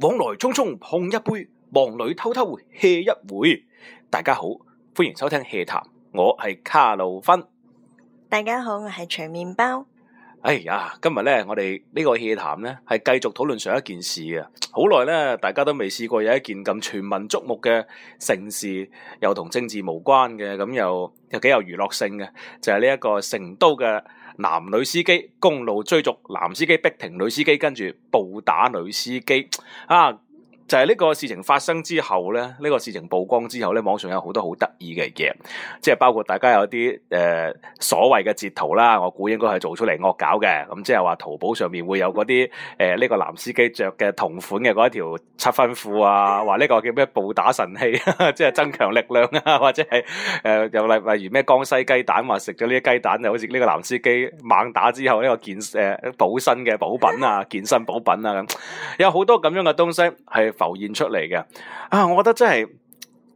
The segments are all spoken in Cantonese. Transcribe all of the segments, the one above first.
往來匆匆碰一杯，忙裏偷偷歇一會。大家好，歡迎收聽《HEA 談》，我係卡路芬。大家好，我係長麵包。哎呀，今日咧，我哋呢個《HEA 談》呢咧係繼續討論上一件事嘅。好耐咧，大家都未試過有一件咁全民矚目嘅盛事，又同政治無關嘅，咁又又幾有娛樂性嘅，就係呢一個成都嘅。男女司機公路追逐，男司機逼停女司機，跟住暴打女司機啊！就係呢個事情發生之後咧，呢、這個事情曝光之後咧，網上有好多好得意嘅嘢，即係包括大家有啲誒、呃、所謂嘅截圖啦，我估應該係做出嚟惡搞嘅，咁、嗯、即係話淘寶上面會有嗰啲誒呢個男司機着嘅同款嘅嗰一條七分褲啊，話呢個叫咩暴打神器， 即係增強力量啊，或者係誒又例例如咩江西雞蛋，話食咗呢啲雞蛋又好似呢個男司機猛打之後呢、這個健誒補、呃、身嘅補品啊，健身補品啊咁，有好多咁樣嘅東西係，浮現出嚟嘅啊，我覺得真係，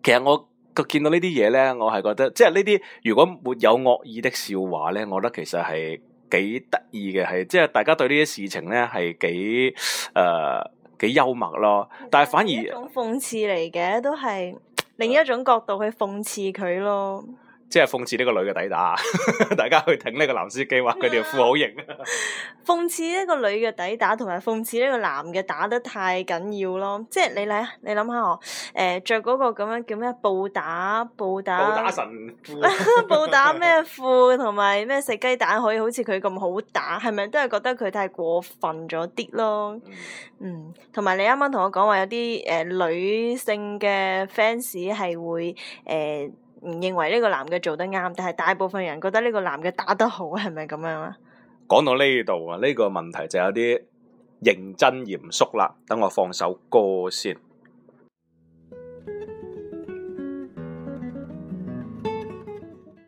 其實我佢見到呢啲嘢咧，我係覺得即係呢啲如果沒有惡意的笑話咧，我覺得其實係幾得意嘅，係即係大家對呢啲事情咧係幾誒幾幽默咯。但係反而一種諷刺嚟嘅，都係另一種角度去諷刺佢咯。即係諷刺呢個女嘅抵打， 大家去挺呢個男司機，話佢條褲好型。諷 刺呢個女嘅抵打，同埋諷刺呢個男嘅打得太緊要咯。即係你睇，你諗下我着著嗰個咁樣叫咩暴打暴打暴打神 暴打咩褲，同埋咩食雞蛋可以好似佢咁好打，係咪都係覺得佢太過分咗啲咯？嗯，同埋、嗯、你啱啱同我講話有啲誒、呃、女性嘅 fans 係會誒。呃唔認為呢個男嘅做得啱，但係大部分人覺得呢個男嘅打得好，係咪咁樣啊？講到呢度啊，呢個問題就有啲認真嚴肅啦。等我放首歌先。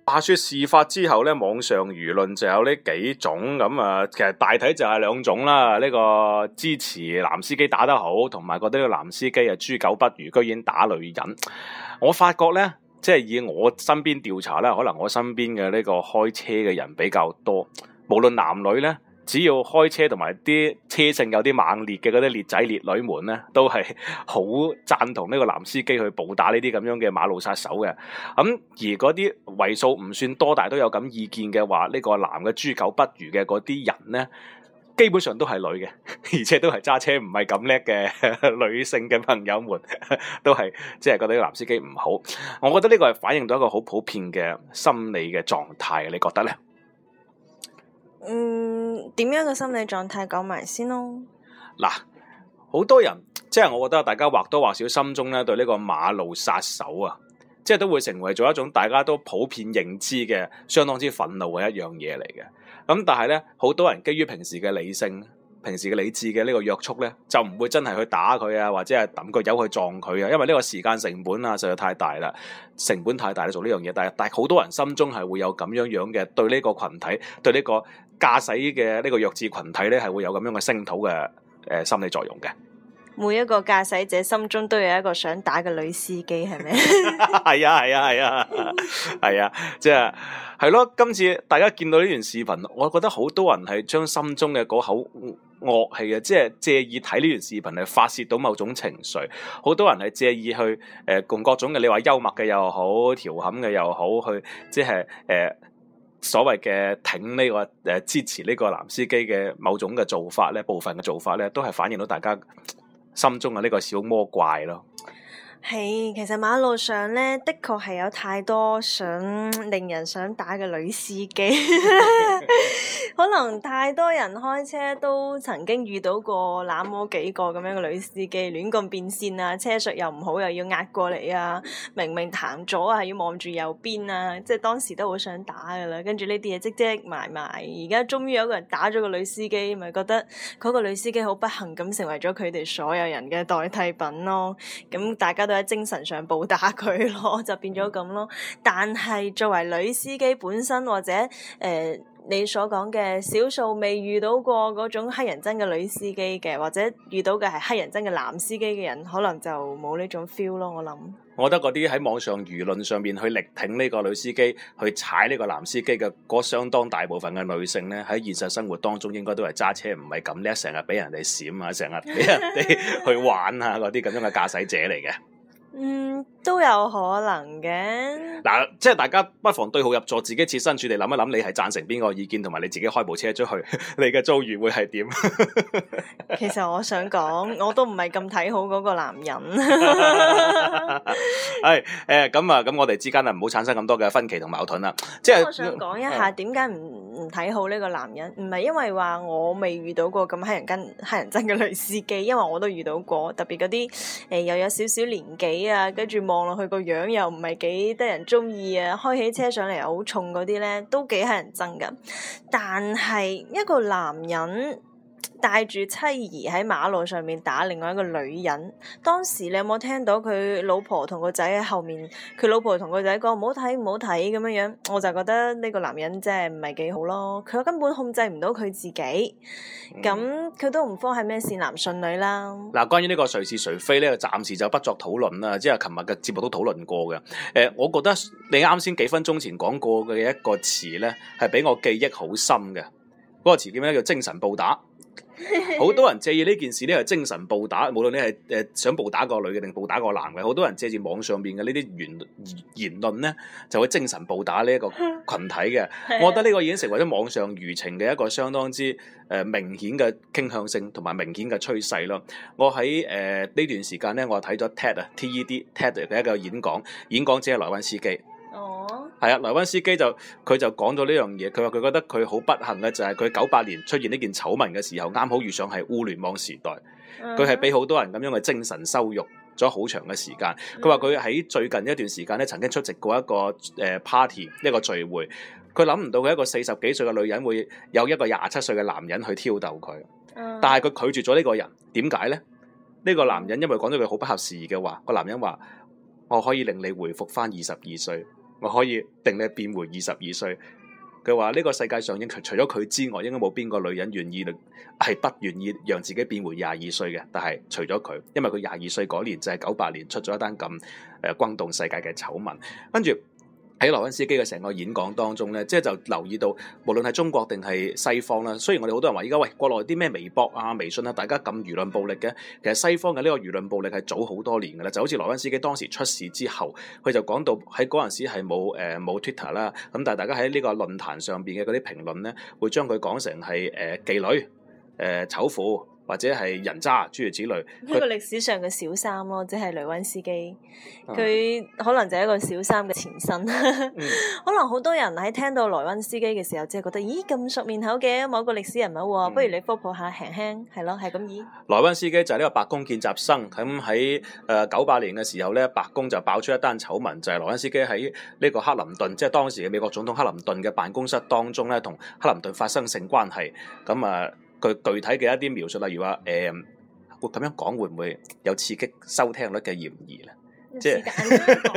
話說 事發之後呢，網上輿論就有呢幾種咁啊。其實大體就係兩種啦。呢個支持男司機打得好，同埋覺得呢個男司機啊豬狗不如，居然打女人。我發覺呢。即係以我身邊調查啦，可能我身邊嘅呢個開車嘅人比較多，無論男女咧，只要開車同埋啲車性有啲猛烈嘅嗰啲烈仔烈女們咧，都係好贊同呢個男司機去暴打呢啲咁樣嘅馬路殺手嘅。咁、嗯、而嗰啲為數唔算多，但係都有咁意見嘅話，呢、呢個男嘅豬狗不如嘅嗰啲人咧。基本上都係女嘅，而且都係揸車唔係咁叻嘅女性嘅朋友們，都係即係覺得啲男司機唔好。我覺得呢個係反映到一個好普遍嘅心理嘅狀態，你覺得呢？嗯，點樣嘅心理狀態講埋先咯。嗱，好多人即係我覺得大家或多或少心中咧對呢個馬路殺手啊，即係都會成為咗一種大家都普遍認知嘅相當之憤怒嘅一樣嘢嚟嘅。咁但係咧，好多人基於平時嘅理性、平時嘅理智嘅呢個約束咧，就唔會真係去打佢啊，或者係揼個油去撞佢啊，因為呢個時間成本啊，實在太大啦，成本太大，做呢樣嘢。但係但係好多人心中係會有咁樣樣嘅對呢個群體，對呢個駕駛嘅呢個弱智群體咧，係會有咁樣嘅聲討嘅誒心理作用嘅。每一個駕駛者心中都有一個想打嘅女司機，係咪？係啊，係啊，係啊，係啊，即係係咯。今次大家見到呢段視頻，我覺得好多人係將心中嘅嗰口惡氣嘅，即係借以睇呢段視頻嚟發泄到某種情緒。好多人係借以去誒共各種嘅，你話幽默嘅又好，調侃嘅又好，去即係誒所謂嘅挺呢個誒支持呢個男司機嘅某種嘅做法咧，部分嘅做法咧，都係反映到大家。心中嘅呢個小魔怪咯。係，hey, 其實馬路上咧的確係有太多想令人想打嘅女司機， 可能太多人開車都曾經遇到過,過那麼幾個咁樣嘅女司機亂咁變線啊，車術又唔好又要壓過嚟啊，明明行咗啊要望住右邊啊，即係當時都好想打噶啦，跟住呢啲嘢積積埋埋，而家終於有個人打咗個女司機，咪覺得嗰個女司機好不幸咁成為咗佢哋所有人嘅代替品咯，咁大家都。喺精神上暴打佢咯， 就變咗咁咯。但係作為女司機本身，或者誒、呃、你所講嘅少數未遇到過嗰種黑人憎嘅女司機嘅，或者遇到嘅係黑人憎嘅男司機嘅人，可能就冇呢種 feel 咯。我諗，我覺得嗰啲喺網上輿論上面去力挺呢個女司機去踩呢個男司機嘅，嗰相當大部分嘅女性咧喺現實生活當中應該都係揸車唔係咁叻，成日俾人哋閃啊，成日俾人哋去玩啊，嗰啲咁樣嘅駕駛者嚟嘅。嗯。都有可能嘅，嗱、啊，即係大家不妨對號入座，自己設身處地諗一諗，你係贊成邊個意見同埋你自己開部車出去， 你嘅遭遇會係點？ 其實我想講，我都唔係咁睇好嗰個男人。係誒咁啊，咁、哎、我哋之間啊，唔好產生咁多嘅分歧同矛盾啦。即係我想講一下點解唔唔睇好呢個男人，唔係因為話我未遇到過咁乞人跟乞人憎嘅女司機，因為我都遇到過特別嗰啲誒又有少少年紀啊，跟住冇望落去個樣又唔係幾得人鍾意啊，開起車上嚟好重嗰啲咧，都幾乞人憎噶。但係一個男人。帶住妻兒喺馬路上面打另外一個女人。當時你有冇聽到佢老婆同個仔喺後面？佢老婆同個仔講，唔好睇唔好睇咁樣樣。我就覺得呢個男人真係唔係幾好咯。佢根本控制唔到佢自己，咁佢、嗯、都唔方係咩善男信女啦。嗱、嗯，關於呢個誰是誰非咧，暫時就不作討論啦。即係琴日嘅節目都討論過嘅。誒、呃，我覺得你啱先幾分鐘前講過嘅一個詞呢，係俾我記憶好深嘅。嗰、那個詞叫咩？叫精神暴打。好 多人借意呢件事呢係精神暴打。無論你係誒想暴打個女嘅定暴打個男嘅，好多人借住網上面嘅呢啲言言論咧，就會精神暴打呢一個群體嘅。 我覺得呢個已經成為咗網上輿情嘅一個相當之誒明顯嘅傾向性同埋明顯嘅趨勢咯。我喺誒呢段時間咧，我睇咗 TED 啊，TED TED 嘅一個演講，演講者係來運司機。係啊，萊溫斯基就佢就講咗呢樣嘢。佢話佢覺得佢好不幸嘅，就係佢九八年出現呢件醜聞嘅時候，啱好遇上係互聯網時代。佢係俾好多人咁樣嘅精神羞辱咗好長嘅時間。佢話佢喺最近一段時間咧，曾經出席過一個誒 party 一個聚會。佢諗唔到佢一個四十幾歲嘅女人會有一個廿七歲嘅男人去挑逗佢，但係佢拒絕咗呢個人。點解呢？呢個男人因為講咗句好不合時宜嘅話，個男人話我可以令你回復翻二十二歲。我可以定你變回二十二歲。佢話呢個世界上應除咗佢之外，應該冇邊個女人願意，係不願意讓自己變回廿二歲嘅。但係除咗佢，因為佢廿二歲嗰年，就係九八年出咗一單咁誒轟動世界嘅醜聞，跟住。喺萊溫斯基嘅成個演講當中咧，即係就留意到，無論係中國定係西方啦。雖然我哋好多人話而家喂國內啲咩微博啊、微信啊，大家咁輿論暴力嘅。其實西方嘅呢個輿論暴力係早好多年嘅啦。就好似萊溫斯基當時出事之後，佢就講到喺嗰陣時係冇誒冇 Twitter 啦。咁、呃、但係大家喺呢個論壇上邊嘅嗰啲評論咧，會將佢講成係誒、呃、妓女、誒、呃、醜婦。或者係人渣諸如此類。呢個歷史上嘅小三咯，即係萊溫斯基，佢可能就係一個小三嘅前身。 嗯、可能好多人喺聽到萊溫斯基嘅時候，即係覺得咦咁熟面口嘅某個歷史人物喎，嗯、不如你科普下輕輕，係咯，係咁意，萊溫斯基就係呢個白宮見習生。咁喺誒九八年嘅時候咧，白宮就爆出一單醜聞，就係、是、萊溫斯基喺呢個克林頓，即、就、係、是、當時嘅美國總統克林頓嘅辦公室當中咧，同克林頓發生性，性關係。咁啊～佢具體嘅一啲描述，例如話誒，咁、呃、樣講會唔會有刺激收聽率嘅嫌疑咧？即係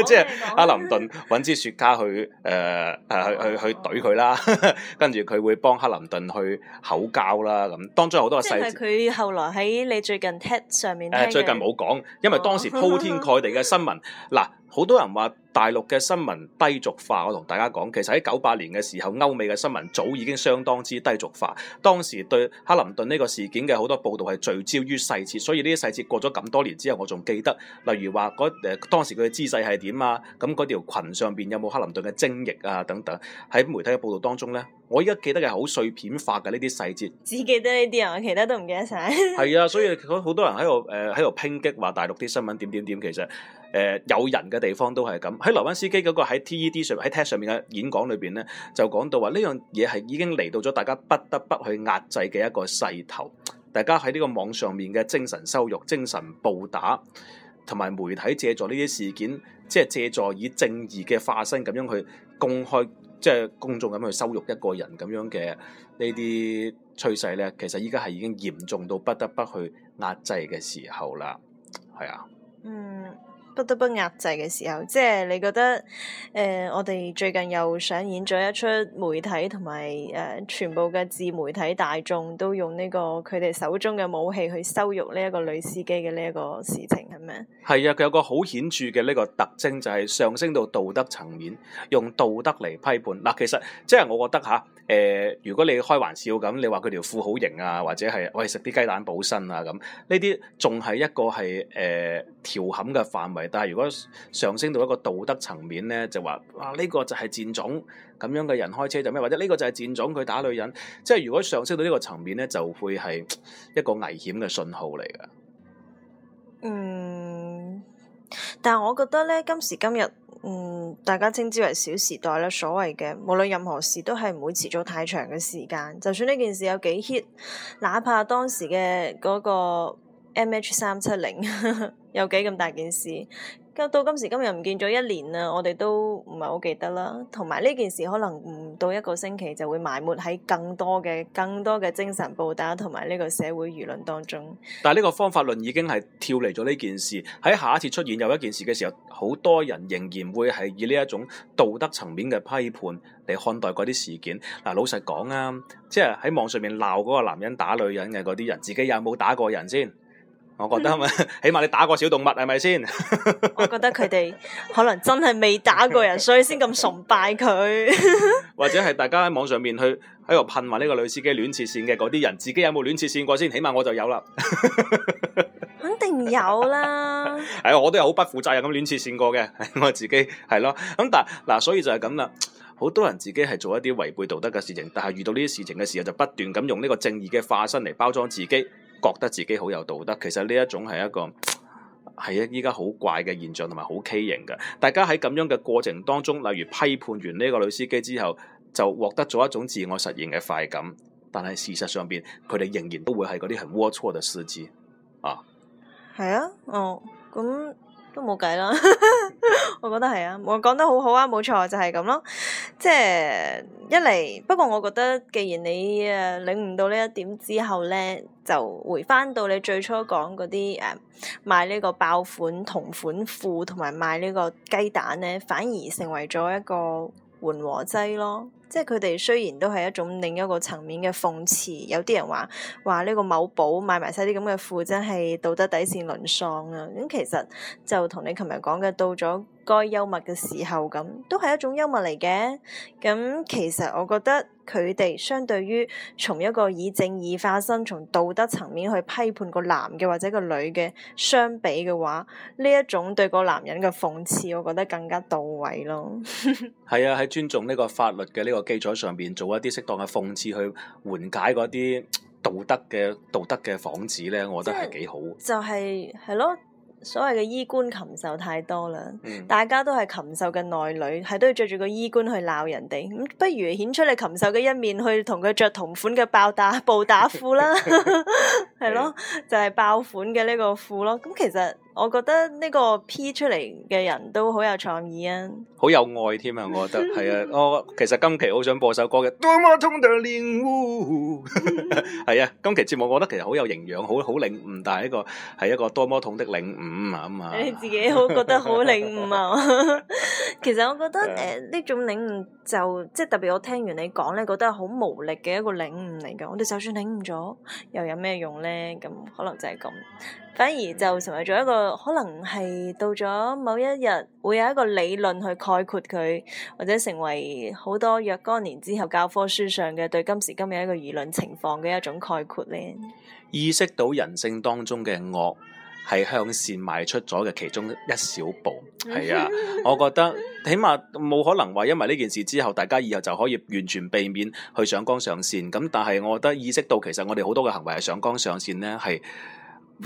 即係克林頓揾支雪茄去誒誒、呃哦、去去去懟佢啦，哦、 跟住佢會幫克林頓去口交啦，咁，當中好多個細。佢後來喺你最近 tag 上面誒最近冇講，因為當時鋪天蓋地嘅新聞嗱。哦 好多人話大陸嘅新聞低俗化，我同大家講，其實喺九八年嘅時候，歐美嘅新聞早已經相當之低俗化。當時對克林頓呢個事件嘅好多報導係聚焦於細節，所以呢啲細節過咗咁多年之後，我仲記得，例如話嗰誒當時佢嘅姿勢係點啊，咁嗰條裙上邊有冇克林頓嘅精液啊等等。喺媒體嘅報導當中呢，我依家記得嘅係好碎片化嘅呢啲細節，只記得呢啲啊，我其他都唔記得晒。係 啊，所以好多人喺度誒喺度抨擊話大陸啲新聞點點點，其實。誒、呃、有人嘅地方都係咁。喺萊溫斯基嗰個喺 TED 上喺 TED 上面嘅演講裏邊咧，就講到話呢樣嘢係已經嚟到咗，大家不得不去壓制嘅一個勢頭。大家喺呢個網上面嘅精神羞辱、精神暴打，同埋媒體借助呢啲事件，即係借助以正義嘅化身咁樣去公開，即係公眾咁去羞辱一個人咁樣嘅呢啲趨勢咧，其實依家係已經嚴重到不得不去壓制嘅時候啦。係啊，嗯。不得不壓制嘅時候，即係你覺得誒、呃、我哋最近又上演咗一出媒體同埋誒全部嘅自媒體大眾都用呢個佢哋手中嘅武器去羞辱呢一個女司機嘅呢一個事情係咪？係啊，佢有個好顯著嘅呢個特徵就係上升到道德層面，用道德嚟批判嗱、啊。其實即係我覺得吓誒、啊呃、如果你開玩笑咁，你話佢條褲好型啊，或者係餵食啲雞蛋補身啊咁，呢啲仲係一個係誒調侃嘅範圍。但係如果上升到一個道德層面咧，就話哇呢個就係賤種咁樣嘅人開車就咩？或者呢個就係賤種佢打女人？即係如果上升到呢個層面咧，就會係一個危險嘅信號嚟㗎。嗯，但係我覺得咧，今時今日，嗯，大家稱之為小時代咧，所謂嘅無論任何事都係唔會持續太長嘅時間。就算呢件事有幾 hit，哪怕當時嘅嗰個 MH370。有幾咁大件事，到今時今日唔見咗一年啦，我哋都唔係好記得啦。同埋呢件事可能唔到一個星期就會埋沒喺更多嘅、更多嘅精神報道同埋呢個社會輿論當中。但係呢個方法論已經係跳離咗呢件事，喺下一次出現有一件事嘅時候，好多人仍然會係以呢一種道德層面嘅批判嚟看待嗰啲事件。嗱，老實講啊，即係喺網上面鬧嗰個男人打女人嘅嗰啲人，自己有冇打過人先？我覺得起碼你打過小動物係咪先？是是我覺得佢哋可能真係未打過人， 所以先咁崇拜佢。 或者係大家喺網上面去喺度噴話呢個女司機亂切線嘅嗰啲人，自己有冇亂切線過先？起碼我就有啦。 肯定有啦。係 我都有好不負責任咁亂切線過嘅，我自己係咯。咁但嗱，所以就係咁啦。好多人自己係做一啲違背道德嘅事情，但係遇到呢啲事情嘅時候，就不斷咁用呢個正義嘅化身嚟包裝自己。覺得自己好有道德，其實呢一種係一個係依家好怪嘅現象，同埋好畸形嘅。大家喺咁樣嘅過程當中，例如批判完呢個女司機之後，就獲得咗一種自我實現嘅快感。但係事實上邊，佢哋仍然都會係嗰啲係齷齪嘅司機啊。係啊，哦，咁都冇計啦。 我覺得係啊，我講得好好啊，冇錯就係、是、咁咯。即係一嚟，不過我覺得，既然你啊領悟到呢一點之後咧，就回翻到你最初講嗰啲誒賣呢個爆款同款褲，同埋賣呢個雞蛋咧，反而成為咗一個緩和劑咯。即係佢哋雖然都係一種另一個層面嘅諷刺，有啲人話話呢個某寶賣埋晒啲咁嘅褲，真係道德底線淪喪啊！咁、嗯、其實就同你琴日講嘅到咗。該幽默嘅時候咁，都係一種幽默嚟嘅。咁、嗯、其實我覺得佢哋相對於從一個以正義化身、從道德層面去批判個男嘅或者個女嘅相比嘅話，呢一種對個男人嘅諷刺，我覺得更加到位咯 。係啊，喺尊重呢個法律嘅呢個基礎上邊，做一啲適當嘅諷刺去緩解嗰啲道德嘅道德嘅幌子咧，我覺得係幾好。就係、是、係咯。所謂嘅衣冠禽獸太多啦，嗯、大家都係禽獸嘅內裏，係都要着住個衣冠去鬧人哋，咁不如顯出你禽獸嘅一面，去同佢着同款嘅爆打暴打褲啦，係 咯， 就係爆款嘅呢個褲咯，咁其實。我覺得呢個 P 出嚟嘅人都好有創意啊，好有愛添啊！我覺得係 啊，我其實今期好想播首歌嘅《多麼痛的領悟》係啊， 今期節目我覺得其實好有營養，好好領悟，但係呢個係一個多麼痛的領悟啊咁、嗯、啊，你自己好覺得好領悟啊。其實我覺得誒，呢、呃、種領悟就即係特別我聽完你講咧，你覺得好無力嘅一個領悟嚟㗎。我哋就算領悟咗，又有咩用咧？咁可能就係咁，反而就成為咗一個。 可能係到咗某一日，會有一個理論去概括佢，或者成為好多若干年之後教科書上嘅對今時今日一個輿論情況嘅一種概括咧。意識到人性當中嘅惡係向善邁出咗嘅其中一小步，係啊，我覺得起碼冇可能話因為呢件事之後，大家以後就可以完全避免去上綱上線。咁但係我覺得意識到其實我哋好多嘅行為係上綱上線咧，係。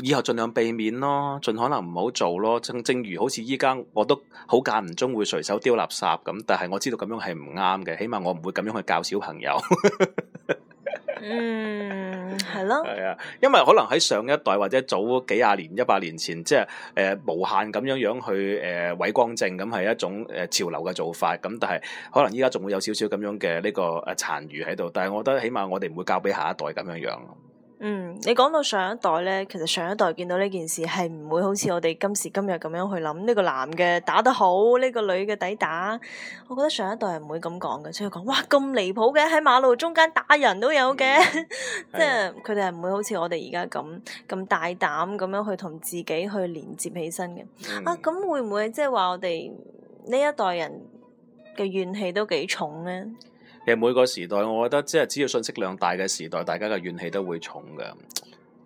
以後盡量避免咯，盡可能唔好做咯。正正如好似依家，我都好間唔中會隨手丟垃圾咁，但係我知道咁樣係唔啱嘅。起碼我唔會咁樣去教小朋友。 嗯，係咯。係啊，因為可能喺上一代或者早幾廿年、一百年前，即係誒、呃、無限咁樣樣去誒偉、呃、光正咁係一種誒潮流嘅做法。咁但係可能依家仲會有少少咁樣嘅呢個誒殘餘喺度。但係我覺得起碼我哋唔會教俾下一代咁樣樣。嗯，你講到上一代咧，其實上一代見到呢件事係唔會好似我哋今時今日咁樣去諗，呢個男嘅打得好，呢個女嘅抵打。我覺得上一代係唔會咁講嘅，即係講哇咁離譜嘅，喺馬路中間打人都有嘅，即係佢哋係唔會好似我哋而家咁咁大膽咁樣去同自己去連接起身嘅。嗯、啊，咁會唔會即係話我哋呢一代人嘅怨氣都幾重咧？其實每個時代，我覺得只要信息量大嘅時代，大家嘅怨氣都會重嘅。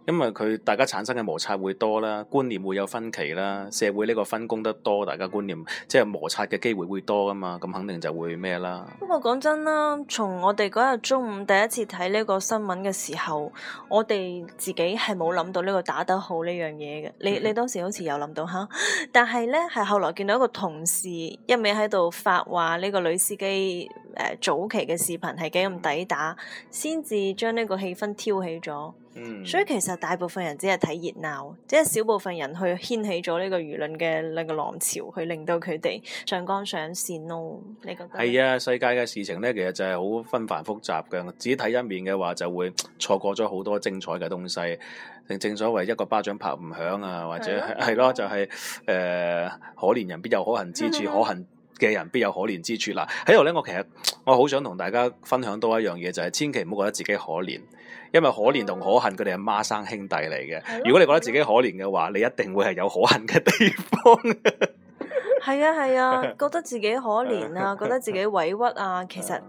因為佢大家產生嘅摩擦會多啦，觀念會有分歧啦，社會呢個分工得多，大家觀念即係摩擦嘅機會會多噶嘛，咁肯定就會咩啦。不過講真啦，從我哋嗰日中午第一次睇呢個新聞嘅時候，我哋自己係冇諗到呢個打得好呢樣嘢嘅。你，你當時好似有諗到吓，但係咧係後來見到一個同事一味喺度發話呢個女司機誒、呃、早期嘅視頻係幾咁抵打，先至將呢個氣氛挑起咗。嗯、所以其實大部分人只係睇熱鬧，只係少部分人去掀起咗呢個輿論嘅呢個浪潮，去令到佢哋上綱上線咯。你覺得？係啊，世界嘅事情咧，其實就係好紛繁複雜嘅。只睇一面嘅話，就會錯過咗好多精彩嘅東西正。正所謂一個巴掌拍唔響啊，或者係係咯，就係、是、誒、呃，可憐人必有可恨之處，啊、可恨。嘅人必有可憐之處啦！喺度咧，我其實我好想同大家分享多一樣嘢，就係、是、千祈唔好覺得自己可憐，因為可憐同可恨佢哋係孖生兄弟嚟嘅。了如果你覺得自己可憐嘅話，你一定會係有可恨嘅地方。係 啊係啊，覺得自己可憐啊， 覺得自己委屈啊，其實誒、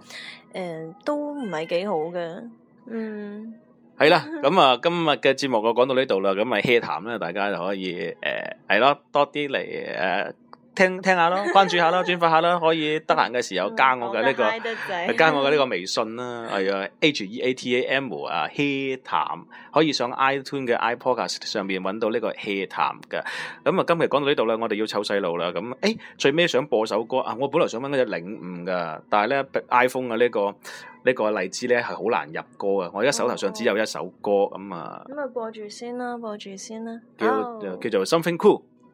嗯、都唔係幾好嘅。嗯，係啦，咁啊，今日嘅節目就講到呢度啦，咁咪 hea 談咧，大家就可以誒係咯，多啲嚟誒。呃聽聽下咯，關注下咯，轉 發下啦，可以得閒嘅時候加我嘅呢、這個， 加我嘅呢個微信啦、啊，係 啊，H E A T A M 啊 HEA 談，可以上 iTune 嘅 iPodcast 上面揾到呢個 HEA 談嘅。咁、嗯、啊，今日講到呢度啦，我哋要湊細路啦。咁、嗯，誒、欸，最尾想播首歌啊，我本來想搵嗰隻領悟噶，但係咧 iPhone 嘅呢、這個呢、這個荔枝咧係好難入歌啊，我而家手頭上只有一首歌咁啊。咁、嗯、啊、嗯，播住先啦，播住先啦。叫叫做 Something Cool。